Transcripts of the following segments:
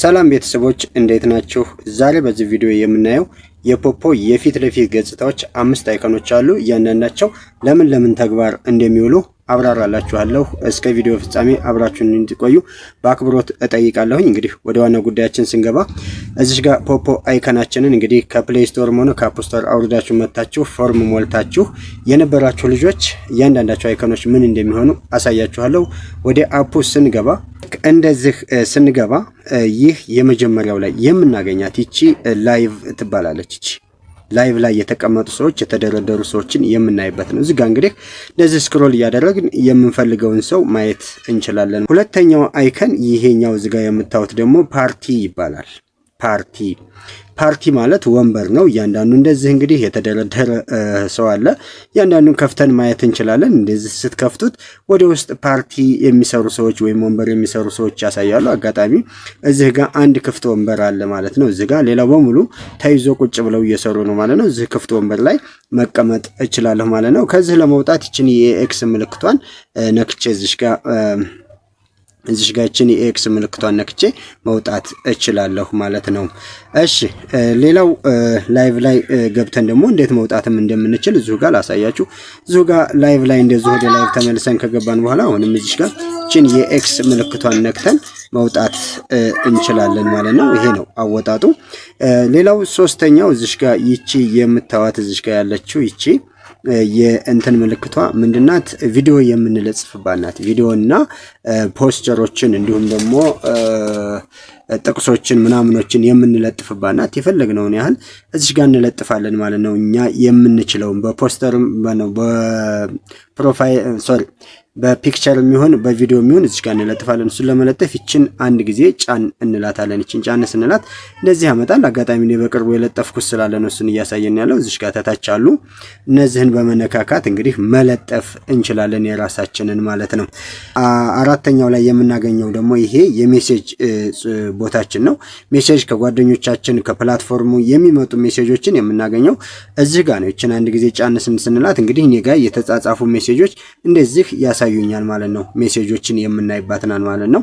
ሰላም ቤተሰቦች እንዴት ናችሁ? ዛሬ በዚህ ቪዲዮ የምናየው የፖፖ የፊት ለፊት ገጽታዎች አምስት አይከኖች አሉ። እያንዳንዳቸው ለምን ለምን ተግባር እንደሚውሉ አብራራላችኋለሁ። እስከ ቪዲዮ ፍጻሜ አብራችሁን እንድትቆዩ በአክብሮት እጠይቃለሁኝ። እንግዲህ ወደ ዋና ጉዳያችን ስንገባ እዚሽ ጋር ፖፖ አይከናችንን እንግዲህ ከፕሌይ ስቶርም ሆነ ከአፕ ስቶር አውርዳችሁ መታችሁ ፎርም ሞልታችሁ የነበራችሁ ልጆች እያንዳንዳቸው አይከኖች ምን እንደሚሆኑ አሳያችኋለሁ። ወደ አፑ ስንገባ እንደዚህ ስንገባ ይህ የመጀመሪያው ላይ የምናገኛት ይቺ ላይቭ ትባላለች። ይቺ ላይቭ ላይ የተቀመጡ ሰዎች የተደረደሩ ሰዎችን የምናይበት ነው። እዚጋ እንግዲህ እንደዚህ ስክሮል እያደረግን የምንፈልገውን ሰው ማየት እንችላለን። ሁለተኛው አይከን ይሄኛው እዚጋ የምታዩት ደግሞ ፓርቲ ይባላል። ፓርቲ ፓርቲ ማለት ወንበር ነው። እያንዳንዱ እንደዚህ እንግዲህ የተደረደረ ሰው አለ። እያንዳንዱን ከፍተን ማየት እንችላለን። እንደዚህ ስትከፍቱት ወደ ውስጥ ፓርቲ የሚሰሩ ሰዎች ወይም ወንበር የሚሰሩ ሰዎች ያሳያሉ። አጋጣሚ እዚህ ጋር አንድ ክፍት ወንበር አለ ማለት ነው። እዚህ ጋር ሌላው በሙሉ ተይዞ ቁጭ ብለው እየሰሩ ነው ማለት ነው። እዚህ ክፍት ወንበር ላይ መቀመጥ እችላለሁ ማለት ነው። ከዚህ ለመውጣት ይችን የኤክስ ምልክቷን ነክቼ እዚህ ጋር እዚሽ ጋችን የኤክስ ምልክቷን ነክቼ መውጣት እችላለሁ ማለት ነው። እሺ ሌላው ላይቭ ላይ ገብተን ደግሞ እንዴት መውጣትም እንደምንችል እዚሁ ጋር ላሳያችሁ። እዚሁ ጋር ላይቭ ላይ እንደዚሁ ወደ ላይቭ ተመልሰን ከገባን በኋላ አሁንም እዚሽ ጋር ችን የኤክስ ምልክቷን ነክተን መውጣት እንችላለን ማለት ነው። ይሄ ነው አወጣጡ። ሌላው ሶስተኛው እዚሽ ጋር ይቺ የምታዋት እዚሽ ጋር ያለችው ይቺ የእንትን ምልክቷ ምንድናት? ቪዲዮ የምንለጽፍባት ናት። ቪዲዮ እና ፖስቸሮችን እንዲሁም ደግሞ ጥቅሶችን ምናምኖችን የምንለጥፍባት ናት። የፈለግነውን ያህል እዚህ ጋር እንለጥፋለን ማለት ነው። እኛ የምንችለውን በፖስተርም በፕሮፋይል ሶሪ በፒክቸር የሚሆን በቪዲዮ የሚሆን እዚህ ጋር እንለጥፋለን። እሱን ለመለጠፍ ይችን አንድ ጊዜ ጫን እንላታለን። ይችን ጫን ስንላት እንደዚህ ያመጣል። አጋጣሚ እኔ በቅርቡ የለጠፍኩት ስላለ ነው እሱን እያሳየን ያለው። እዚህ ጋር ተታች አሉ። እነዚህን በመነካካት እንግዲህ መለጠፍ እንችላለን የራሳችንን ማለት ነው። አራተኛው ላይ የምናገኘው ደግሞ ይሄ የሜሴጅ ቦታችን ነው። ሜሴጅ ከጓደኞቻችን ከፕላትፎርሙ የሚመጡ ሜሴጆችን የምናገኘው እዚህ ጋር ነው። ይችን አንድ ጊዜ ጫን ስንላት እንግዲህ እኔ ጋር የተጻጻፉ ሜሴጆች እንደዚህ ያሳ ያሳዩኛል ማለት ነው። ሜሴጆችን የምናይባትናል ማለት ነው።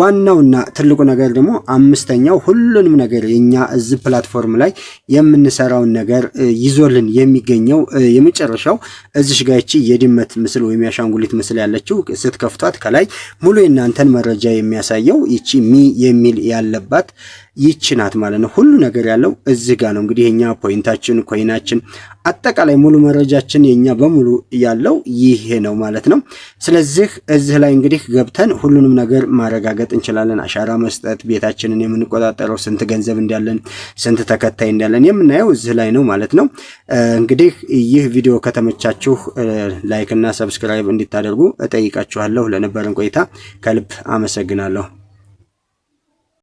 ዋናውና ትልቁ ነገር ደግሞ አምስተኛው ሁሉንም ነገር የኛ እዚህ ፕላትፎርም ላይ የምንሰራውን ነገር ይዞልን የሚገኘው የመጨረሻው እዚሽ ጋይቺ የድመት ምስል ወይም የአሻንጉሊት ምስል ያለችው ስትከፍቷት ከላይ ሙሉ የእናንተን መረጃ የሚያሳየው ይቺ ሚ የሚል ያለባት ይች ናት ማለት ነው። ሁሉ ነገር ያለው እዚህ ጋር ነው። እንግዲህ የኛ ፖይንታችን፣ ኮይናችን፣ አጠቃላይ ሙሉ መረጃችን የኛ በሙሉ ያለው ይሄ ነው ማለት ነው። ስለዚህ እዚህ ላይ እንግዲህ ገብተን ሁሉንም ነገር ማረጋገጥ እንችላለን። አሻራ መስጠት፣ ቤታችንን የምንቆጣጠረው፣ ስንት ገንዘብ እንዳለን፣ ስንት ተከታይ እንዳለን የምናየው እዚህ ላይ ነው ማለት ነው። እንግዲህ ይህ ቪዲዮ ከተመቻችሁ ላይክ እና ሰብስክራይብ እንዲታደርጉ እጠይቃችኋለሁ። ለነበረን ቆይታ ከልብ አመሰግናለሁ።